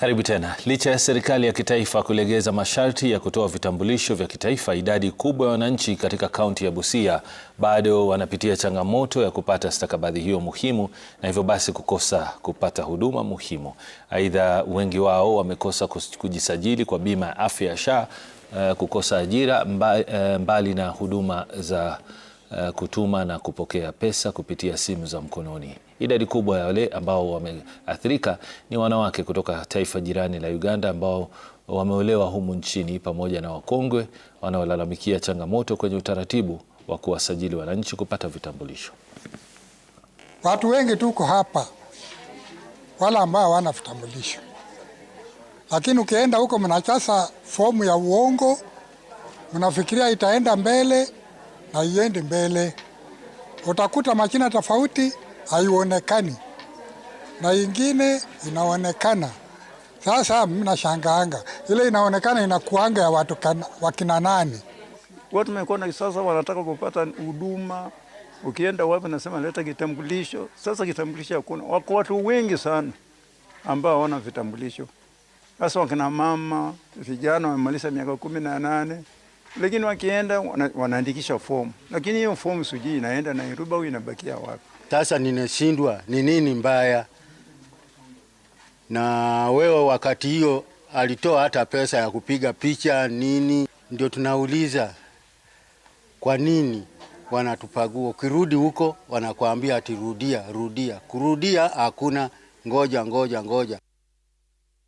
Karibu tena. Licha ya serikali ya kitaifa kulegeza masharti ya kutoa vitambulisho vya kitaifa, idadi kubwa ya wananchi katika kaunti ya Busia bado wanapitia changamoto ya kupata stakabadhi hiyo muhimu na hivyo basi kukosa kupata huduma muhimu. Aidha, wengi wao wamekosa kujisajili kwa bima ya afya ya SHA, eh, kukosa ajira eh, mbali na huduma za Eh, kutuma na kupokea pesa kupitia simu za mkononi. Idadi kubwa ya wale ambao wameathirika ni wanawake kutoka taifa jirani la Uganda ambao wameolewa humu nchini pamoja na wakongwe wanaolalamikia changamoto kwenye utaratibu wa kuwasajili wananchi kupata vitambulisho. Watu wengi tuko hapa wala ambao hawana vitambulisho, lakini ukienda huko mnachasa fomu ya uongo, mnafikiria itaenda mbele na iende mbele. Utakuta mashina tofauti haionekani na ingine inaonekana. Sasa mnashangaanga ile inaonekana inakuanga ya watu wakina nani? Watu mekona sasa wanataka kupata huduma Ukienda wapi nasema leta kitambulisho. Sasa kitambulisho hakuna, wako watu wengi sana ambao hawana vitambulisho, sasa wakina mama, vijana wamemaliza miaka kumi na nane lakini wakienda wanaandikisha fomu, lakini hiyo fomu sijui inaenda Nairobi au inabakia wapi? Sasa ninashindwa ni nini mbaya. Na wewe wakati hiyo alitoa hata pesa ya kupiga picha nini, ndio tunauliza kwa nini wanatupagua. Ukirudi huko wanakuambia atirudia rudia, kurudia hakuna, ngoja ngoja ngoja.